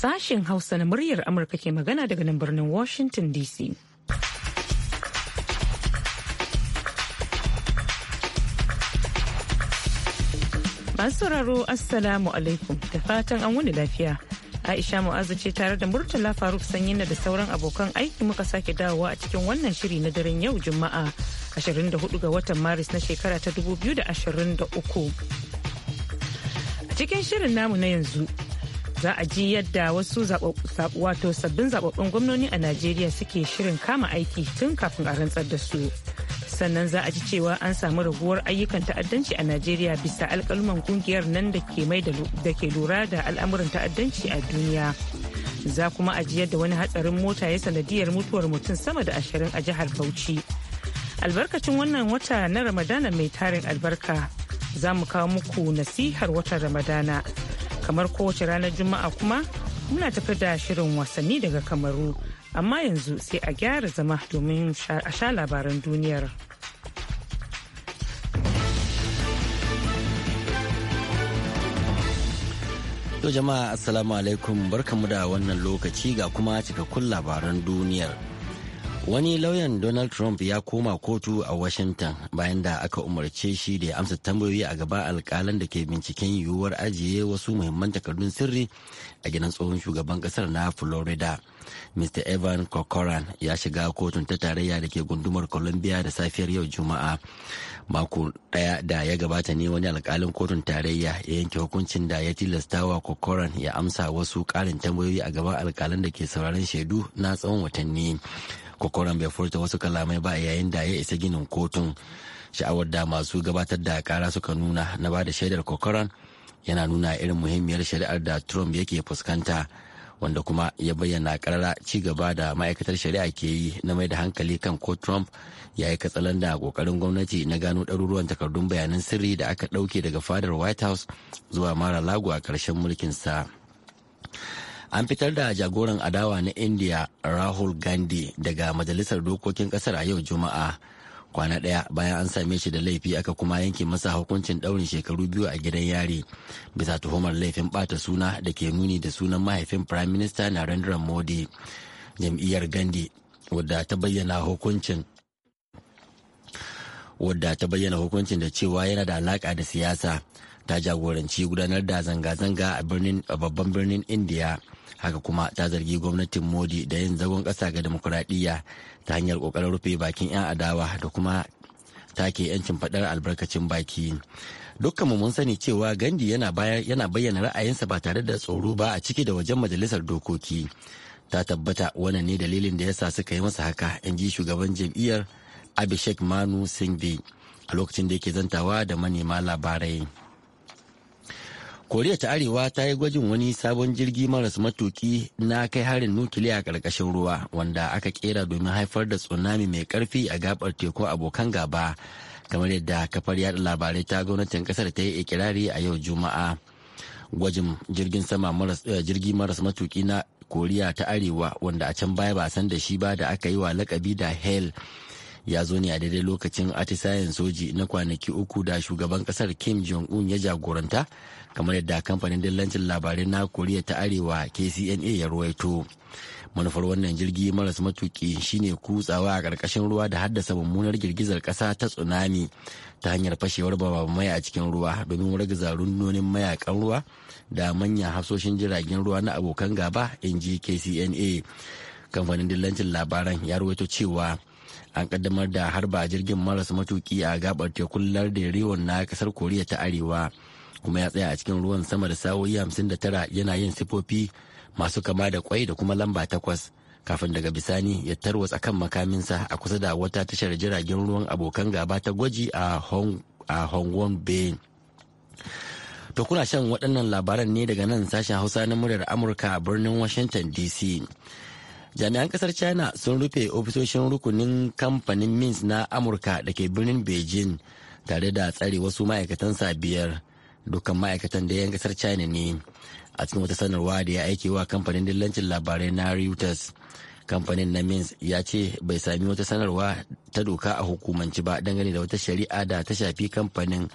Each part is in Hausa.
Sashen Hausa na muryar Amurka ke magana daga nan birnin Washington DC. Masu sauraro Assalamu alaikum da fatan an wani lafiya. Aisha Mu'azu ce tare da Murtala Faruk na da sauran abokan aiki muka sake dawowa a cikin wannan shiri na daren yau Juma'a 24 ga watan Maris na shekara ta 2023. A cikin shirin namu na yanzu za a ji yadda wasu wato sabbin zababbin gwamnoni a Najeriya suke shirin kama aiki tun kafin a rantsar da su. sannan za a ji cewa an samu raguwar ayyukan ta'addanci a najeriya bisa alkaluman kungiyar nan da ke lura da al'amuran ta'addanci a duniya za kuma a ji yadda wani hatsarin mota ya sanadiyar mutuwar mutum sama da ashirin a jihar bauchi albarkacin wannan wata na ramadana mai tarin albarka za mu kawo muku nasihar watan ramadana kamar kowace ranar juma'a kuma muna tafi da shirin wasanni daga kamaru amma yanzu sai a gyara zama domin a sha labaran duniyar. Yau jama'a assalamu alaikum barkamu da wannan lokaci ga kuma cikakkun labaran duniyar. Wani lauyan Donald Trump ya koma kotu a Washington bayan da aka umarce shi da ya amsa tambayoyi a gaba alkalan da ke binciken yiwuwar ajiye wasu muhimman takardun sirri a gidan tsohon shugaban kasar na florida mr evan corcoran ya shiga kotun ta tarayya da ke gundumar columbia da safiyar yau juma'a mako daya da ya gabata ne wani alkalin kotun tarayya ya yanke hukuncin da ya tilasta wa corcoran ya amsa wasu karin tambayoyi a gaban alkalan da ke sauraron shaidu na tsawon watanni corcoran bai furta wasu kalamai ba yayin da ya isa ginin kotun sha'awar da masu gabatar da kara suka nuna na ba da shaidar corcoran yana nuna irin muhimmiyar shari'ar da trump yake fuskanta wanda kuma ya bayyana karara ci gaba da ma'aikatar shari'a ke yi na mai da hankali kan ko trump ya yi katsalan da kokarin gwamnati na gano ɗaruruwan takardun bayanan sirri da aka ɗauke daga fadar white house zuwa mara lagu a ƙarshen sa. an fitar da jagoran adawa na india rahul gandhi daga majalisar dokokin ƙasar a yau juma'a kwana ɗaya bayan an same shi da laifi aka kuma yanke masa hukuncin ɗaurin shekaru biyu a gidan yari bisa tuhumar laifin bata suna da ke nuni da sunan mahaifin prime minister narendra modi jam'iyyar gandhi wadda ta bayyana hukuncin wadda ta bayyana hukuncin da cewa yana da alaƙa da siyasa ta jagoranci gudanar da zanga-zanga a birnin babban birnin indiya haka kuma ta zargi gwamnatin modi da yin zagon ƙasa ga demokuraɗiyya ta hanyar ƙoƙarin rufe bakin 'yan adawa da kuma take 'yancin faɗar albarkacin baki dukkanmu mun sani cewa gandi yana bayyana ra'ayinsa ba tare da tsoro ba a ciki da wajen majalisar dokoki ta tabbata wannan ne dalilin da yasa suka yi masa haka in ji shugaban jam'iyyar abhishek manu singvi a lokacin da yake zantawa da manema labarai koriya ta arewa ta yi gwajin wani sabon jirgi maras matuki na kai harin nukiliya a ƙarƙashin ruwa wanda aka kera domin haifar da tsunami mai ƙarfi a gabar teku abokan gaba kamar yadda kafar yada labarai ta gwamnatin ƙasar ta yi ikirari a yau juma'a gwajin jirgin sama maras eh, jirgi maras matuki na koriya ta arewa wanda a can baya ba san da shi ba da aka yi wa lakabi da hell ya zo ne a daidai lokacin atisayen soji na kwanaki uku da shugaban kasar kim jong-un ya jagoranta kamar yadda kamfanin dillancin labarai na koriya ta arewa kcna ya ruwaito manufar wannan jirgi maras matuki shine kutsawa a ƙarƙashin ruwa da haddasa mummunar girgizar ƙasa ta tsunami ta hanyar fashewar mai a cikin ruwa domin zarun rundunonin mayakan ruwa da manyan hafsoshin jiragen ruwa na abokan gaba in ji kcna kamfanin dillancin labaran ya ruwaito cewa an kaddamar da harba jirgin maras matuki a gabar tekun lardin riwon na kasar koriya ta arewa kuma ya tsaya a cikin ruwan sama da sa'o'i hamsin da tara yana yin sifofi masu kama da kwai da kuma lamba takwas kafin daga bisani ya tarwatsa kan makaminsa a kusa da wata tashar jiragen ruwan abokan gaba ta gwaji a hong kong bay to kuna shan waɗannan labaran ne daga nan sashen hausa na muryar amurka a birnin washington dc jami'an kasar china sun rufe ofisoshin rukunin kamfanin mins na amurka da ke birnin beijing tare da tsare wasu maaikatan sa biyar dukkan ma'aikatan da 'yan kasar china ne a cikin wata sanarwa da ya aike wa kamfanin dillancin labarai na reuters kamfanin na mins ya ce bai sami wata sanarwa ta doka a hukumanci ba dangane da wata shari'a da ta shafi kamfanin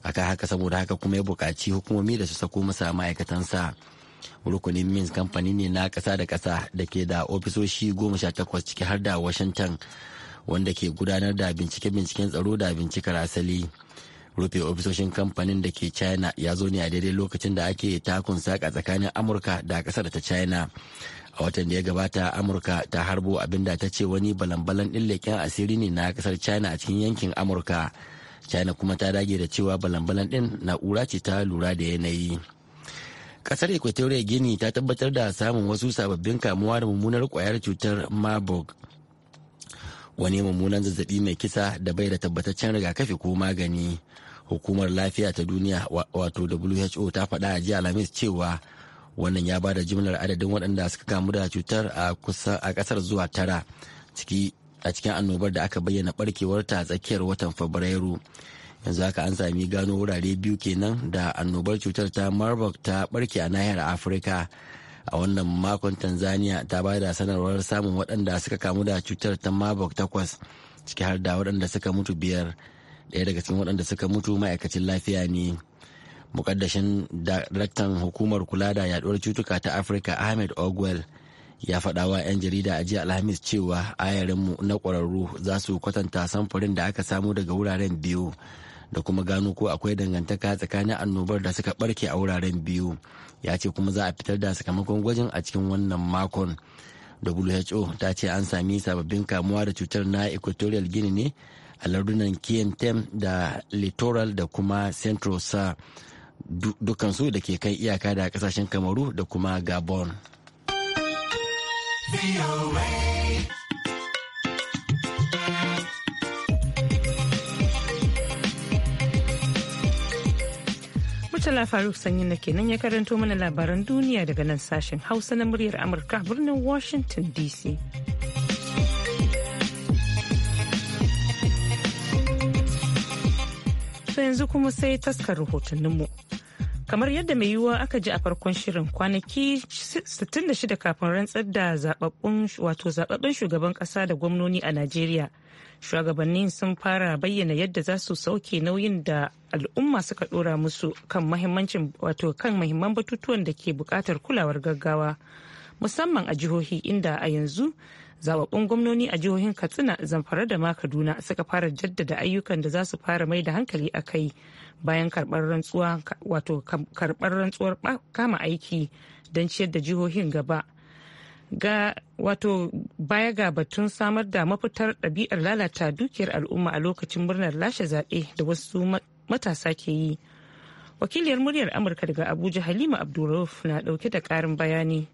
akan haka saboda haka kuma ya bukaci hukumomi da su sako masa ma'aikatansa. rukunin mins kamfani ne na kasa da kasa da ke da ofisoshi goma sha takwas ciki har da washington wanda ke gudanar da bincike-binciken tsaro da bincikar asali rufe ofisoshin kamfanin da ke china ya zo ne a daidai lokacin da ake takun saka tsakanin amurka da kasar ta china a watan da ya gabata amurka ta harbo abinda ta ce wani balan-balan ɗin leƙen asiri ne na kasar china a cikin yankin amurka china kuma ta dage da cewa balan-balan ɗin na'ura ce ta lura da yanayi kasar equatorial guinea ta tabbatar da samun wasu sababbin kamuwa da mummunar kwayar cutar marburg wani mummunan zazzabi mai kisa da bai da tabbataccen rigakafi ko magani hukumar lafiya ta duniya wato who ta faɗa a jiya alhamis cewa wannan ya bada jimlar adadin waɗanda suka kamu da cutar a ƙasar zuwa tara a cikin annobar da aka bayyana barkewar ta tsakiyar watan fabrairu yanzu haka an sami gano wurare biyu kenan da annobar cutar ta marburg ta barke a nahiyar afirka a wannan makon tanzania ta ba da sanarwar samun waɗanda suka kamu da cutar ta marburg takwas ciki har da waɗanda suka mutu biyar ɗaya daga cikin waɗanda suka mutu ma'aikacin lafiya ne mukaddashin daraktan hukumar kula da yaduwar cutuka ta afirka ahmed ogwell ya faɗa wa 'yan jarida a jiya alhamis cewa ayarinmu na ƙwararru za su kwatanta samfurin da aka samu daga wuraren biyu da kuma gano ko akwai dangantaka tsakanin annobar da suka barke a wuraren biyu ya ce kuma za a fitar da sakamakon gwajin a cikin wannan makon who ta ce an sami sababbin kamuwa da cutar na equatorial gini ne a lardunan tem da littoral da kuma central sa dukansu da ke kan iyaka da kasashen kamaru da kuma gabon. Murtala Faruk sanyi na kenan ya karanto mana labaran duniya daga nan sashen Hausa na muryar Amurka birnin Washington DC. To yanzu kuma sai taskar mu. kamar yadda mai yiwuwa aka ji a farkon shirin kwanaki 66 kafin rantsar da zababbun wato zababbun shugaban kasa da gwamnoni a najeriya shugabannin sun fara bayyana yadda za su sauke nauyin da al'umma suka dora musu kan mahimmancin wato kan mahimman batutuwan da ke bukatar kulawar gaggawa musamman a jihohi inda a yanzu zababbun gwamnoni a jihohin katsina zamfara da ma kaduna suka fara jaddada ayyukan da za su fara mai da hankali a kai bayan karɓar rantsuwar kama aiki don ciyar da jihohin gaba ga wato baya ga batun samar da mafitar ɗabi'ar lalata dukiyar al'umma a lokacin murnar lashe zaɓe da wasu matasa ke yi wakiliyar muryar amurka daga abuja halima abdulrauf na ɗauke da ƙarin bayani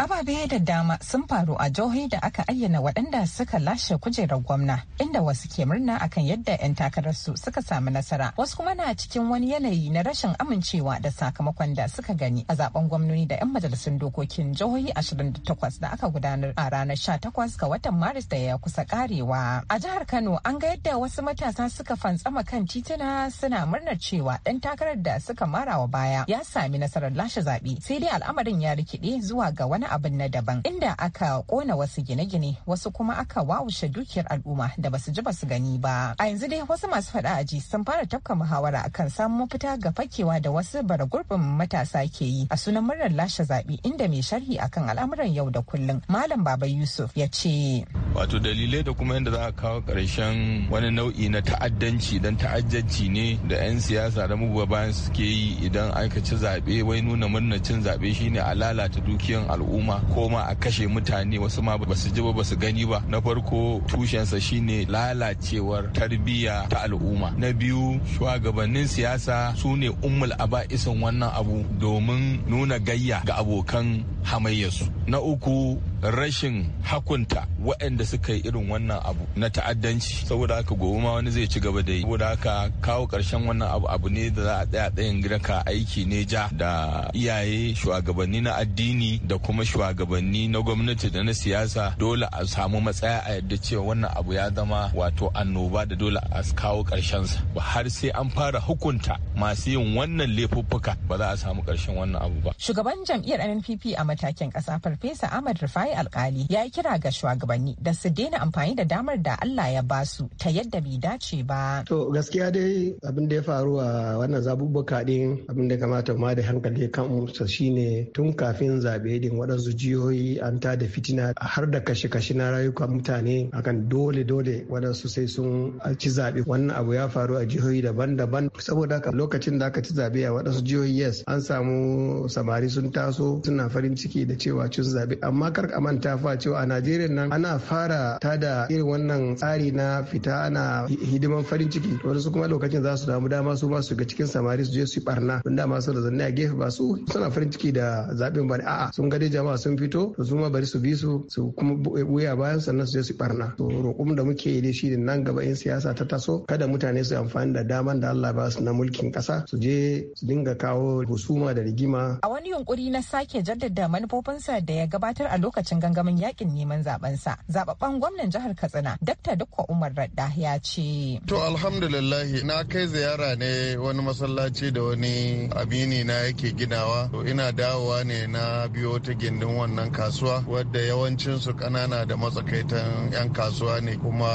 Ababe da dama sun faru a jihohi da aka ayyana waɗanda suka lashe kujerar gwamna inda wasu ke murna akan yadda 'yan takararsu suka sami nasara wasu kuma na cikin wani yanayi na rashin amincewa da sakamakon da suka gani a zaben gwamnoni da 'yan majalisun dokokin jihohi 28 da aka gudanar a ranar 18 ga watan Maris da ya kusa karewa. A jihar Kano an ga yadda wasu matasa suka fantsama kan tituna suna murnar cewa ɗan takarar da suka mara wa baya ya sami nasarar lashe zaɓe sai dai al'amarin ya rikide zuwa ga wani abin na daban inda aka kona wasu gine-gine wasu kuma aka wawushe dukiyar al'umma da basu ji basu gani ba a yanzu dai wasu masu faɗa aji sun fara tafka muhawara akan samun mafita ga fakewa da wasu bara gurbin matasa ke yi a sunan murnar lashe zaɓe inda mai sharhi akan al'amuran yau da kullum malam baba yusuf ya ce wato dalilai da kuma yadda za a kawo karshen wani nau'i na ta'addanci dan ta'addanci ne da 'yan siyasa da mugu bayan suke yi idan aka ci zaɓe wai nuna murnar cin zaɓe shine a lalata dukiyan al'umma al'umma ko a kashe mutane wasu ma ba su ji ba ba su gani ba na farko tushensa shine lalacewar tarbiyya ta al'umma na biyu shugabannin siyasa su ne ummul aba'isin wannan abu domin nuna gayya ga abokan hamayyarsu na uku rashin hakunta waɗanda suka yi irin wannan abu na ta'addanci saboda haka gobe ma wani zai ci gaba da yi saboda haka kawo ƙarshen wannan abu abu ne da za a tsaya tsayin ka aiki ne ja da iyaye shugabanni na addini da kuma shugabanni na gwamnati da na siyasa dole a samu matsaya a yadda cewa wannan abu ya zama wato annoba da dole a kawo sa ba har sai an fara hukunta masu yin wannan laifuffuka ba za a samu ƙarshen wannan abu ba. Shugaban jam'iyyar NPP a matakin ƙasa Farfesa Ahmad Rufai bai alkali ya yi kira ga shugabanni da su daina amfani da damar da allah ya basu ta yadda bai dace ba to gaskiya dai abin da ya faru a wannan zabubuka din abin da kamata ma da hankali kan su shine tun kafin zabe din waɗansu jihohi an ta da fitina har da kashe-kashe na rayukan mutane akan dole-dole waɗansu sai sun ci zabe wannan abu ya faru a jihohi daban-daban saboda haka lokacin da aka ci zabe a waɗansu jihohi yes an samu samari sun taso suna farin ciki da cewa cin zabe amma kar a manta fa cewa a Najeriya nan ana fara ta da irin wannan tsari na fita ana hidiman farin ciki to wasu kuma lokacin za su damu dama su ba su ga cikin samari su je su barna don dama su da zanne a gefe ba su suna farin ciki da zaɓen ba a'a sun ga dai jama'a sun fito to su ma bari su bi su su kuma buya e, bayan sannan su je su barna to roƙum da muke yi shi nan gaba in siyasa ta taso kada mutane su amfani da dama da Allah ba su na mulkin kasa su je su dinga kawo husuma da rigima a wani yunkuri na sake jaddada manufofinsa da ya gabatar a lokacin lokacin gangamin yakin neman zabensa zababban gwamnan jihar katsina dr dukwa umar radda ya ce to alhamdulillah na kai ziyara ne wani masallaci da wani abini na yake ginawa to ina dawowa ne na biyo ta gindin wannan kasuwa wadda su kanana da matsakaitan 'yan kasuwa ne kuma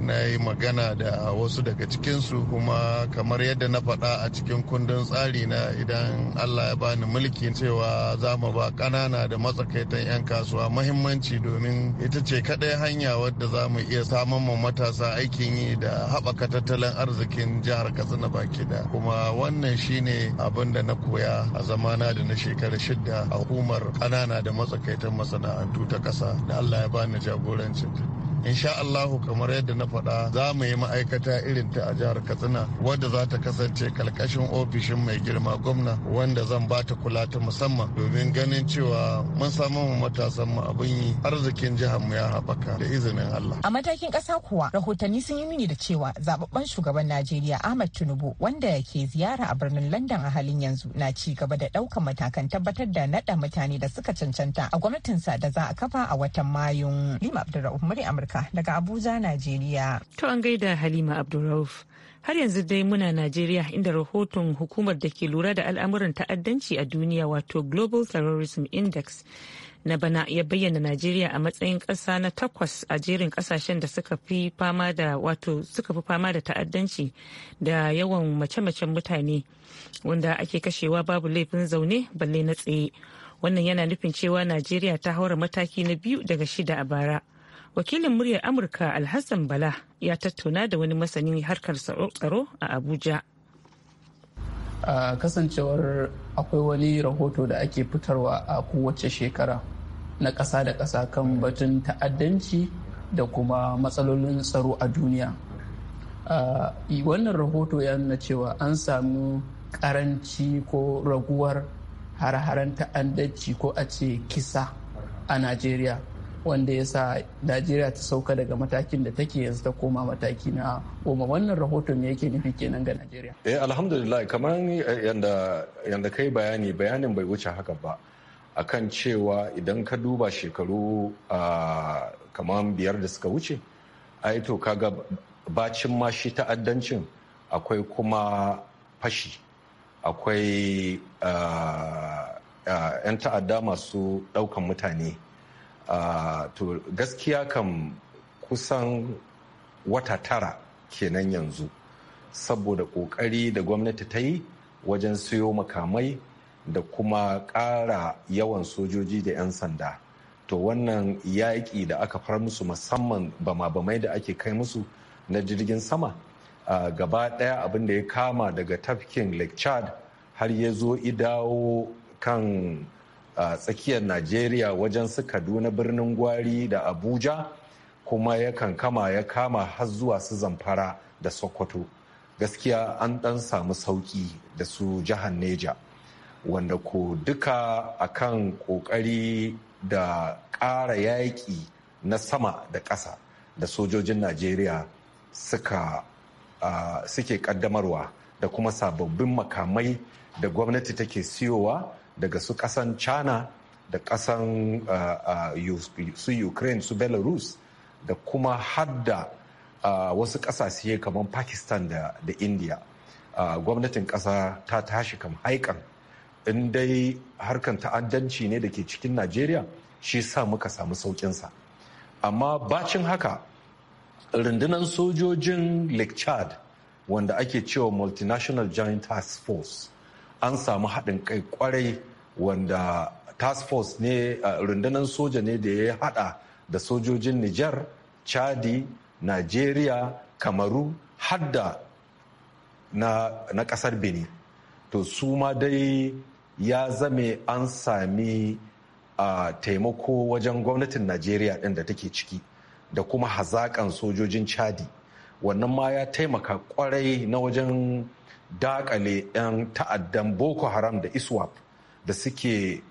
na yi magana da wasu daga cikinsu kuma kamar yadda na faɗa a cikin kundin tsari na idan allah ya bani mulki cewa za mu ba kanana da matsakaitan 'yan kasuwa mahimmanci domin ita ce kaɗai hanya wadda za mu iya samun mu matasa aikin yi da haɓaka tattalin arzikin jihar katsina baki da kuma wannan shine abin da na koya a zamana da na shekara shidda a hukumar ƙanana da matsakaitan masana'antu ta ƙasa da allah ya bani jagorancin insha Allahu kamar yadda na faɗa za mu yi ma'aikata irin ta a jihar Katsina wadda za ta kasance kalkashin ofishin mai girma gwamna wanda zan ba ta kula ta musamman domin ganin cewa mun samu mu matasan mu abin yi arzikin jihar mu ya haɓaka da izinin Allah. A matakin ƙasa kuwa rahotanni sun yi mini da cewa zababben shugaban Najeriya Ahmad Tinubu wanda yake ziyara a birnin London a halin yanzu na ci gaba da ɗaukan matakan tabbatar da naɗa mutane da suka cancanta a gwamnatin sa da za a kafa a watan Mayu. Lima Abdulrahman Amurka. Amurka daga Abuja, Najeriya. To an gaida Halima Abdulrauf. Har yanzu dai muna Najeriya inda rahoton hukumar da ke lura da al'amuran ta'addanci a duniya wato Global Terrorism Index na bana ya bayyana Najeriya a matsayin ƙasa na takwas a jerin ƙasashen da suka fi fama da wato suka fi fama da ta'addanci da yawan mace-macen mutane wanda ake kashewa babu laifin zaune balle na tsaye. Wannan yana nufin cewa Najeriya ta haura mataki na biyu daga shida a bara. wakilin muryar amurka alhassan bala ya tattauna da wani masanin harkar tsaro a abuja a kasancewar akwai wani rahoto da ake fitarwa a kowace shekara na ƙasa da ƙasa kan batun ta'addanci da kuma matsalolin tsaro a duniya wannan rahoto ya nuna cewa an samu karanci ko raguwar har-haren ta'addanci ko a ce kisa a najeriya wanda ya sa najeriya ta sauka daga matakin da take yanzu ta koma mataki na goma wannan rahoton ne yake nufi kenan ga najeriya eh alhamdulillah kamar eh, yanda kai bayani bayanin bai wuce haka ba akan cewa idan ka duba shekaru ah, kamar biyar da suka wuce ai to kaga bacin ma shi ta'addancin akwai kuma fashi akwai ah, ah, 'yan ta'adda masu daukan mutane to gaskiya kam kusan wata tara kenan yanzu saboda ƙoƙari da gwamnati ta yi wajen siyo makamai da kuma ƙara yawan sojoji da 'yan sanda to wannan yaƙi da aka far musu musamman bama-bamai da ake kai musu na jirgin sama uh, gaba ɗaya abin da ya kama daga tafkin lake chad har ya zo idawo kan a tsakiyar najeriya wajen su kaduna birnin gwari da abuja kuma yakan kama ya kama har zuwa su zamfara da sokoto gaskiya an ɗan samu sauƙi da su jihar neja wanda ko duka kan ƙoƙari da ƙara yaƙi na sama da ƙasa da sojojin najeriya suke ƙaddamarwa da kuma sababbin makamai da gwamnati take siyowa daga su kasan china da kasan uh, uh, su ukraine su belarus da kuma hadda uh, wasu kasashe kamar pakistan da india gwamnatin kasa ta tashi kam haikan in dai harkan ta'addanci ne da ke cikin najeriya shi sa muka samu saukinsa amma bacin haka rundunar sojojin lake chad wanda ake cewa multinational joint task force an samu haɗin kai kwarai wanda task force ne rundunar soja ne da ya haɗa da sojojin Nijar, Chadi, nigeria Kamaru, hadda na, na ƙasar Benin. To su ma dai ya zame an sami a taimako wajen gwamnatin Najeriya ɗin da take ciki da kuma hazaƙan sojojin Chadi. Wannan ma ya taimaka kwarai na wajen dakale 'yan ta'addan boko haram da iswap da suke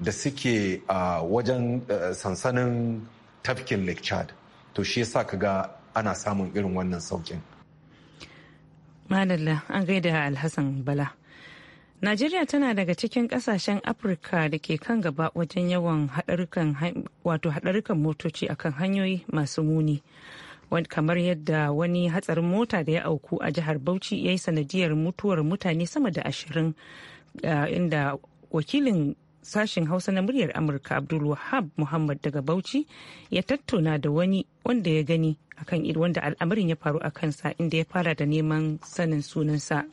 da suke a wajen eh, sansanin tafkin lake chad to shi yasa ga ana samun irin wannan saukin madalla an gaida alhassan bala Najeriya tana daga cikin kasashen Afirka da ke kan gaba wajen yawan hadarukan motoci akan hanyoyi masu muni. kamar yadda wani hatsarin mota da ya auku a jihar Bauchi ya yi sanadiyar mutuwar mutane sama da ashirin eh, inda wakilin sashen hausa na muryar amurka abdulwahab muhammad daga bauchi ya tattauna da wani wanda ya gani akan wanda al'amarin ya faru a kansa inda ya fara da neman sanin sunansa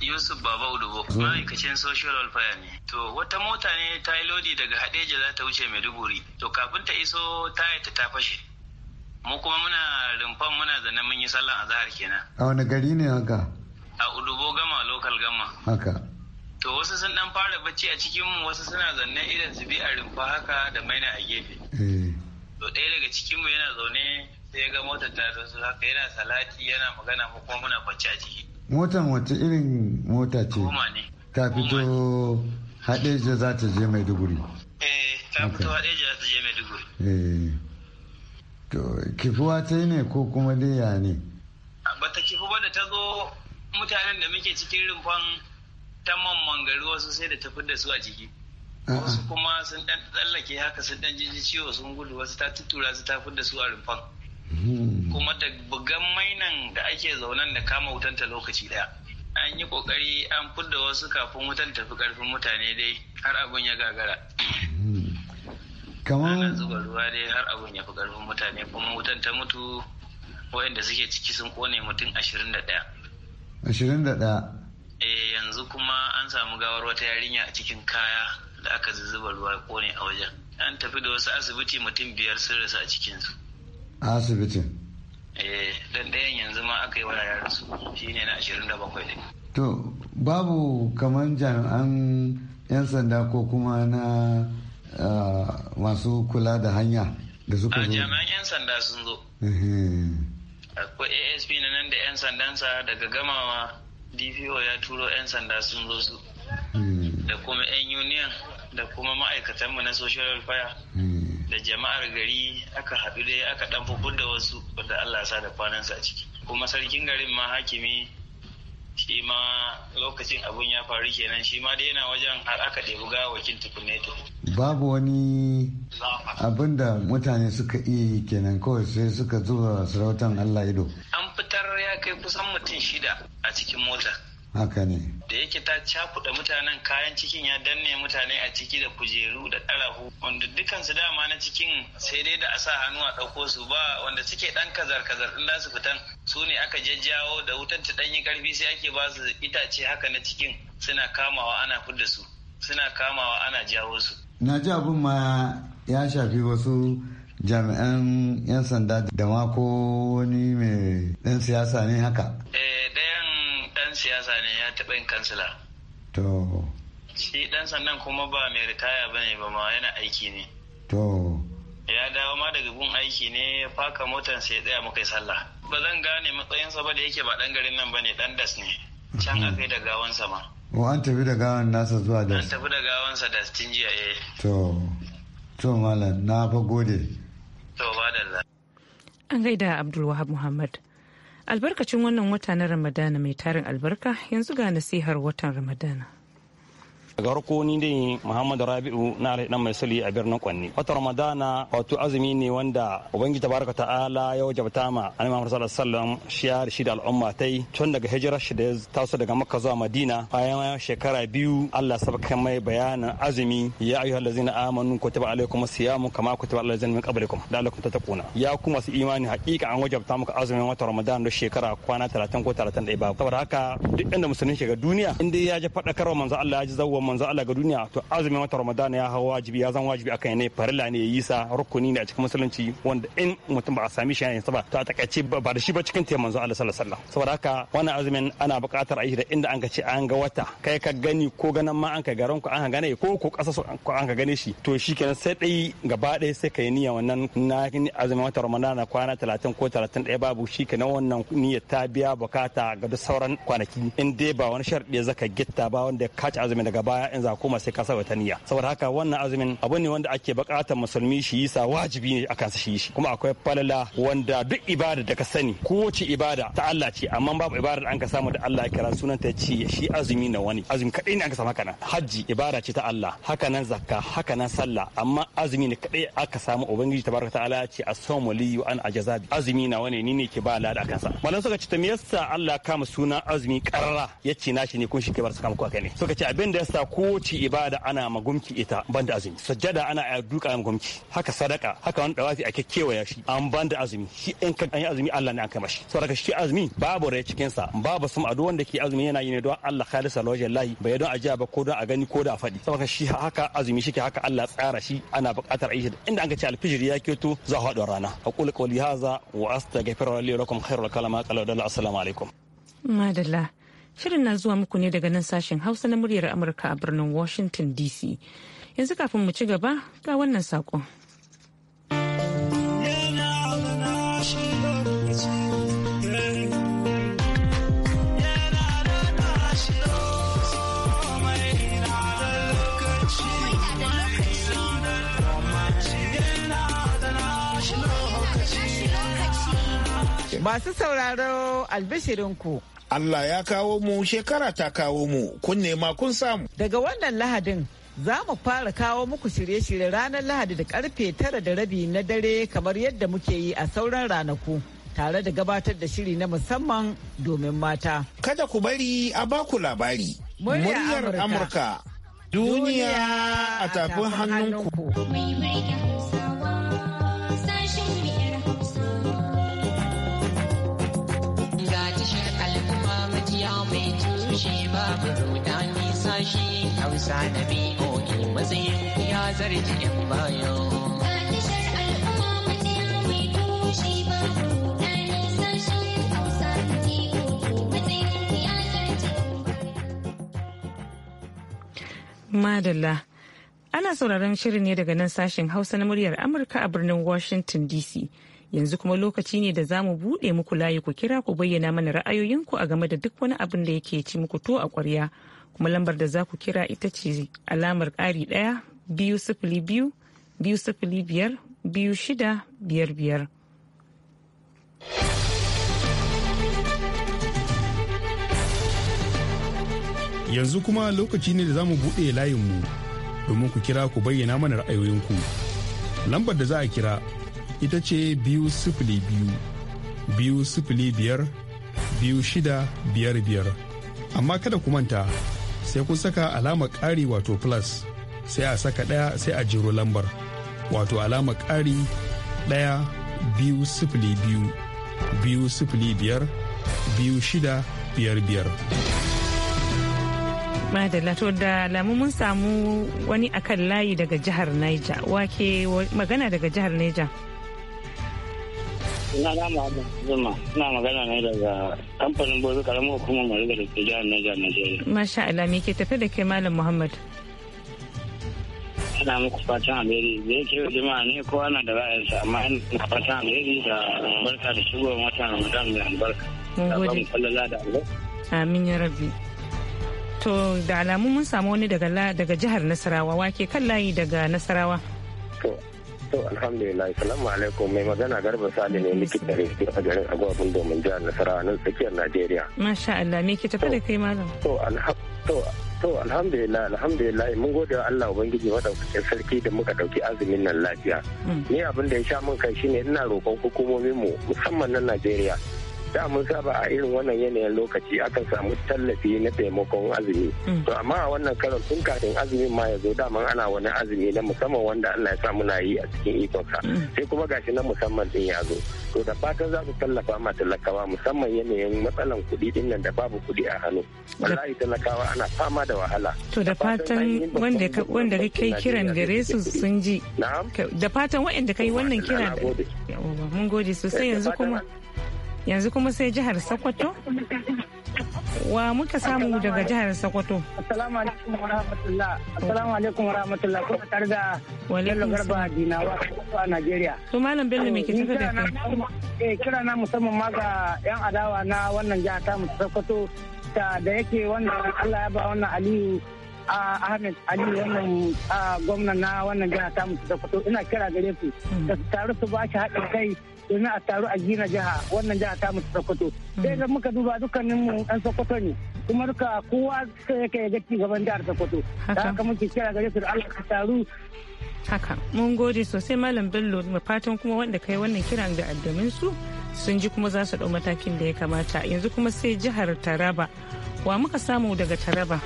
yusuf baba udubo ma'aikacin social welfare ne to wata mota ne ta yi lodi daga hadeja za ta wuce maiduguri to kafin ta iso ta ta ta fashe mu kuma muna rumfan muna zane mun yi sallan azahar kenan a wani gari ne haka a udubo gama lokal gama haka to wasu sun dan fara bacci a cikin mu wasu suna zanne irin su bi a rumfa haka da maina a gefe eh. to ɗaya daga cikin mu yana zaune sai ya ga motar ta su haka yana salati yana magana mu kuma muna bacci a ciki motan wace irin mota ce ta fito haɗeja za ta je maiduguri eh ta fito haɗeja za ta je maiduguri eh. to kifuwa ta ne ko kuma dai ne bata kifi ba da ta zo mutanen da muke cikin rumfan ta mamman gari wasu sai da tafi da su a jiki wasu kuma sun dan tsallake haka sun dan jiji ciwo sun gudu wasu ta tutura su ta fi da su a rumfan hmm. kuma da bugan mainan da ake zaunan da kama wutanta lokaci daya an yi kokari an fudda wasu kafin wutan tafi karfin mutane dai har abin ya gagara hmm. ana zuba ruwa dai har abun ya fi karfin mutane kuma wutan ta mutu waɗanda suke ciki sun kone mutum ashirin da ɗaya ashirin da ɗaya eh yanzu kuma an samu gawar wata yarinya a cikin kaya da aka zuba ruwa kone a wajen an tafi da wasu asibiti mutum biyar sun rasu a cikinsu asibitin eh dan ɗayan yanzu ma aka yi wa yaran su shine na ashirin da bakwai ne to babu kamar jami'an 'yan sanda ko kuma na Ah, masu kula da hanya da suka ah, zo jami'an 'yan sanda sun zo akwai asp na nan da 'yan sandansa daga gamawa dpo ya turo 'yan sanda sun zo su hmm. da kuma 'yan union da kuma ma'aikatanmu na social welfare hmm. da jama'ar gari aka haɗu dai aka ɗan da wasu wanda allah sa da kwanansa a ciki kuma sarkin garin ma hakimi shi ma lokacin abun ya faru kenan shi ma da yana wajen har aka ɗebi gawakin tukunne babu wani abin da mutane suka iya kenan kawai sai suka zuba sarautan allah ido an fitar ya kai kusan mutum shida a cikin mota haka ne da yake ta cakuɗa mutanen kayan cikin ya danne mutane a ciki da kujeru da ƙarahu wanda dukansu dama na cikin sai dai da a sa hannu a ɗauko su ba wanda suke ɗan kazar kazar ɗin su fitan su ne aka jajjawo da wutar ta ɗanyi karfi sai ake ba su itace haka na cikin suna kamawa ana fudda su suna kamawa ana jawo su na ji abin ma ya shafi wasu jami'an 'yan sanda da ma ko wani mai ɗan siyasa ne haka eh ɗayan ɗan siyasa ne ya taɓa yin kansila to shi ɗan sandan kuma ba mai ritaya ba ne ba ma yana aiki ne to ya dawo ma daga gun aiki ne ya faka sai ya tsaya muka yi sallah ba zan gane matsayinsa ba da yake ba dan garin nan ba ne dan das ne can kai da gawansa ma ko an tafi da gawan nasa zuwa das an tafi da gawansa das tun jiya eh to to malam na fa gode to ba da an gaida abdulwahab muhammad albarkacin wannan wata na ramadana mai tarin albarka yanzu ga nasihar watan ramadana daga harko ni ne muhammadu rabi'u na alhaji mai sali a birnin kwanni wata ramadana wato azumi ne wanda ubangiji tabaraka ta'ala ya wajabta ma annabi muhammad sallallahu alaihi wasallam shi shi da al'umma yi. tun daga hijirar shi da ya taso daga makka zuwa madina bayan shekara biyu allah sabaka mai bayanin azumi ya ayyuhal ladzina amanu ko taba alaikum siyamu kama kutiba alal ladzina min qablikum ta kuna. ya ku masu imani hakika an wajabta muku azumin wata ramadana da shekara kwana 30 ko 31 babu saboda haka duk inda musulmi shiga duniya inda ya ji faɗakarwa manzo Allah ya ji zawwa manzo Allah ga duniya to azumi wata Ramadan ya hawa wajibi ya zan wajibi akan ne farilla ne yi sa rukuni ne a cikin musulunci wanda in mutum ba a sami shi yayin ba to a takaice ba da shi ba cikin manzo Allah sallallahu alaihi wasallam saboda haka wannan azumin ana buƙatar a yi da inda an ka ce an ga wata kai ka gani ko ganan ma an ka garan ku an gane ko ko ƙasa ko an ka gane shi to shikenan sai dai gaba ɗaya sai ka yi niyya wannan na azumin wata Ramadan na kwana 30 ko 31 babu shikenan wannan niyyar ta biya bukata ga duk sauran kwanaki in dai ba wani sharɗi zaka gitta ba wanda ka kaci azumin daga baya in za koma sai ka sa wata niyya saboda haka wannan azumin abu ne wanda ake bukatar musulmi shi yi wajibi ne akan shi shi kuma akwai falala wanda duk ibada da ka sani kowace ibada ta Allah ce amma babu ibada da an ka samu da Allah ya kira sunan ta ce shi azumi na wani azumi kadai ne an ka samu haka haji hajji ibada ce ta Allah haka nan zakka haka nan sallah amma azumi ne kadai aka samu ubangiji tabaraka ta'ala ya ce as-sawmu li an ajazabi azumi na wani ni ne ke ba lada kansa malan suka ce ta me yasa Allah kama suna azumi karara yace nashi ne kun shi ke bar su kama kuwa ne suka ce abin da yasa yasa kowace ibada ana magumki ita banda azumi sajjada ana a duka magumki haka sadaka haka wani dawafi a kekkewaya shi an banda azumi shi in ka an yi azumi Allah ne an kai mashi saboda shi azumi babu rai cikin sa babu sum a wanda ke azumi yana yi ne don Allah khalisa lahi bai don ajiya ba ko don a gani ko da a faɗi saboda shi haka azumi shi ke haka Allah tsara shi ana buƙatar aisha inda an ga ce alfijir ya keto za a haɗa rana aqulu qawli haza wa astaghfiru li wa lakum khairul kalama qala assalamu alaikum madalla Shirin na zuwa muku ne daga nan sashen Hausa na muryar Amurka a birnin Washington DC. Yanzu kafin mu ci gaba ga wannan saƙon. Masu sauraro albishirinku Allah ya kawo mu shekara ta kawo mu kun nema kun samu. Daga wannan lahadin za mu fara kawo muku shirye-shirye ranar lahadi da karfe tara da rabi na dare kamar yadda muke yi a sauran ranaku. tare da gabatar da shiri na musamman domin mata. Kada ku bari a baku labari. Muryar Amurka. Duniya a tafin hannunku. babu ruda nisa shi hausa na BOA matsayin ya zarci yan bayo. Madalla. Ana sauraron shirin ne daga nan sashen Hausa na muryar Amurka a birnin Washington DC. Yanzu kuma lokaci ne da za mu buɗe muku layi ku kira ku bayyana mana ra'ayoyinku a game da duk wani abin da yake ci muku to a ƙwarya. Kuma lambar da za ku kira ita ce alamar ƙari ɗaya biyu sifili biyu biyu sifili biyar biyu shida biyar biyar. yanzu kuma lokaci ne da za mu buɗe layinmu domin ku kira ku bayyana mana ra'ayoyinku lambar da za a kira ita ce biyu sifili biyu biyu sifili biyar biyu shida biyar biyar amma kada ku manta sai kun saka alama ƙari wato plus sai a saka ɗaya sai a jiro lambar wato alama ƙari ɗaya biyu sifili biyu biyu sifili biyar biyu shida biyar biyar. Madalla to da lamu mun samu wani akan layi daga jihar Niger wake magana daga jihar Niger. Ina na Muhammad Zuma, ina magana ne daga kamfanin Bozo Karamin Hukumar Mariga da ke jihar Niger, Nigeria. Masha Allah, me ke tafe da ke Malam Muhammad? Ana muku fatan alheri, da yake yau ne ko ana da ra'ayinsa, amma ina fatan alheri da barka da shigo wata Ramadan mai albarka. Mun gode. Da Amin ya rabbi. To da alamu mun samu wani daga jihar Nasarawa wake kan layi daga Nasarawa. To alhamdulillah salamu alaikum mai magana garba sali ne likita ne a garin agwabin domin jihar nasara nan tsakiyar Najeriya. Masha Allah me ke tafi da kai malam? To to alhamdulillah alhamdulillah mun gode wa Allah ubangiji madaukakin sarki da muka dauki azumin nan lafiya mm. ni abin da ya sha mun kai shine ina roƙon hukumomin mu musamman na Najeriya da mun saba a irin wannan yanayin lokaci akan samu tallafi na taimakon azumi mm. to amma a wannan karon tun kafin azumin ma ya zo daman ana wani azumi na musamman wanda Allah ya sa muna yi a cikin ikonsa mm. sai kuma gashi na musamman din ya zo to da fatan za su tallafa ma talakawa musamman yanayin matsalan kuɗi din nan da babu kuɗi a hannu wallahi talakawa ana fama da wahala to da fatan wanda wanda kai kiran gare su sun ji da fatan waɗanda kai wannan kiran mun gode sosai eh, yanzu kuma yanzu kuma sai jihar sokoto wa muka samu daga jihar sokoto assalamu alaikum wa rahmatullah assalamu alaikum wa rahmatullah kuma tare da bello garba dinawa a najeriya to malam bello me ke tafi da kai eh kira na musamman ma ga yan adawa na wannan jiha ta sokoto ta da yake wannan Allah ya ba wannan aliyu Ahmed Ali wannan gwamnan na wannan jiha ta sokoto ina kira gare ku da hmm. su taru su ba shi haɗin kai domin a taru a gina jiha wannan jiha ta mu sokoto sai ga muka duba dukkanin mu dan sokoto ne kuma duka kowa sai yake ga ci gaban jihar sokoto da haka muke kira gare su Allah ka taru haka mun gode sosai malam bello mu fatan kuma wanda kai wannan kiran da addamin su sun ji kuma za su dau matakin da ya kamata yanzu kuma sai jihar taraba wa muka samu daga taraba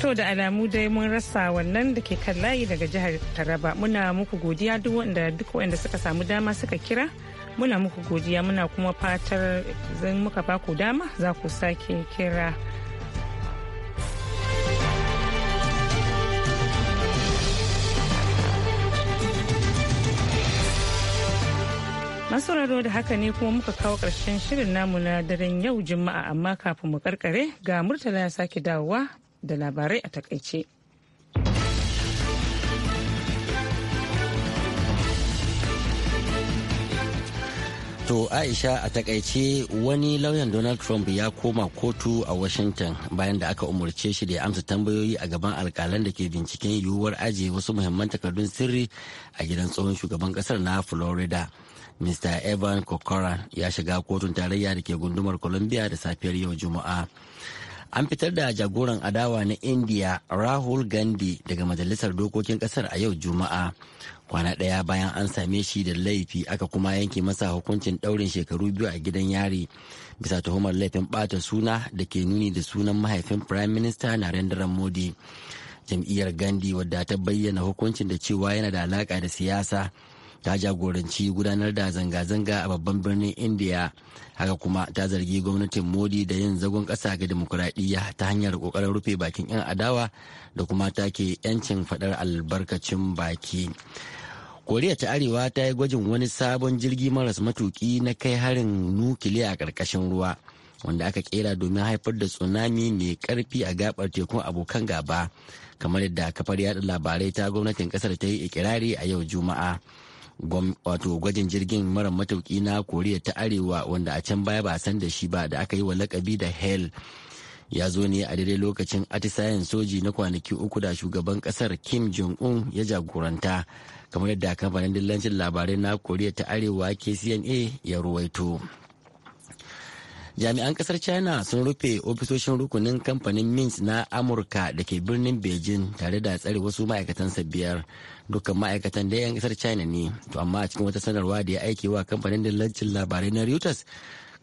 To da alamu dai mun rasa wannan da ke kan layi daga jihar Taraba. Muna muku godiya duk wanda duk wanda suka samu dama suka kira. Muna muku godiya muna kuma fatar zan muka baku dama za ku sake kira. sauraro da haka ne kuma muka kawo ƙarshen shirin namu na daren yau juma'a amma kafin mu karkare ga murtala ya sake dawowa da labarai a takaice. To Aisha a takaice wani lauyan Donald Trump ya koma kotu a Washington bayan da aka umarce shi da ya amsa tambayoyi a gaban alkalan da ke binciken yiwuwar ajiye wasu muhimman takardun sirri a gidan tsohon shugaban kasar na Florida. Mr. Evan Corcoran ya shiga kotun tarayya da ke gundumar Columbia da safiyar yau Juma'a. an fitar da jagoran adawa na india rahul gandhi daga majalisar dokokin kasar a yau juma'a kwana ɗaya bayan an same shi da laifi aka kuma yanke masa hukuncin ɗaurin shekaru biyu a gidan yari bisa tuhumar laifin bata suna da ke nuni da sunan mahaifin prime minister narendra modi jam'iyyar gandhi wadda ta bayyana hukuncin da cewa yana da alaka da siyasa ta jagoranci gudanar da zanga-zanga a babban birnin india haka kuma ta zargi gwamnatin modi da yin zagon kasa ga demokuraɗiyya ta hanyar ƙoƙarin rufe bakin 'yan adawa da kuma take 'yancin faɗar albarkacin baki koriya ta arewa ta yi gwajin wani sabon jirgi maras matuki na kai harin nukiliya a ƙarƙashin ruwa wanda aka kera domin haifar da tsunami mai karfi a gabar tekun abokan gaba kamar yadda kafar yada labarai ta gwamnatin kasar ta yi ikirari a yau juma'a wato gwajin jirgin mara matauki na koriya ta arewa wanda a can baya ba san da shi ba da aka yi wa lakabi da hell ya zo ne a daidai lokacin atisayen soji na kwanaki uku da shugaban kasar kim jong-un ya jagoranta kamar yadda kamfanin dillancin labarai na koriya ta arewa kcna ya ruwaito. jami'an kasar china sun rufe ofisoshin rukunin kamfanin mint na amurka da ke birnin beijing tare da tsare wasu sa biyar dukkan ma'aikatan da 'yan kasar china ne to amma a cikin wata sanarwa da ya aike wa kamfanin dillancin labarai na reuters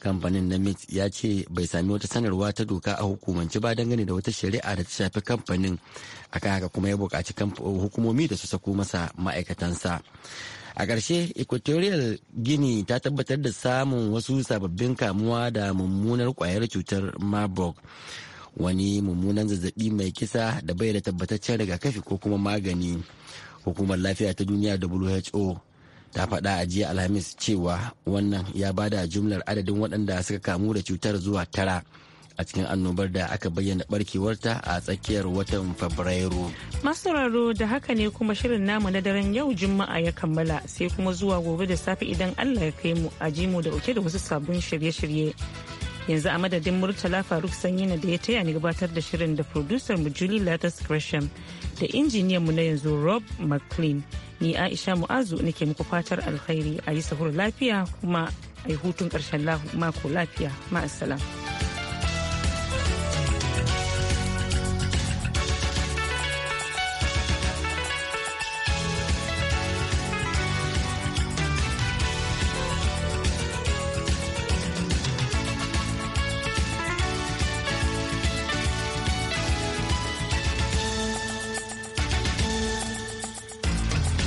kamfanin na mint ya ce bai sami wata sanarwa ta doka a hukumance ba dangane da wata shari'a da ta shafi kamfanin a haka kuma ya bukaci hukumomi da su sako masa ma'aikatansa a ƙarshe equatorial guinea ta tabbatar da samun wasu sababbin kamuwa da mummunar kwayar cutar marburg wani mummunan zazzabi mai kisa da bai da tabbataccen kafi ko kuma magani hukumar lafiya ta duniya who ta faɗa a jiya alhamis cewa wannan ya bada jumlar adadin waɗanda suka kamu da cutar zuwa tara a cikin annobar da aka bayyana barkewarta a tsakiyar watan fabrairu masu da haka ne kuma shirin namu na daren yau juma'a ya kammala sai kuma zuwa gobe da safe idan allah ya kai mu a mu da uke da wasu sabbin shirye-shirye yanzu a madadin murtala faruk sanyi na da ya taya ni gabatar da shirin da producer mu julie latas gresham da injiniyan mu na yanzu rob mclean ni aisha mu'azu nake muku fatar alkhairi a yi sahur lafiya kuma a yi hutun ƙarshen mako lafiya ma'asala.